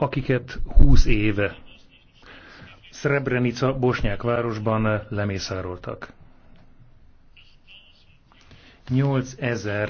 akiket 20 éve Srebrenica bosnyák városban lemészároltak. 8000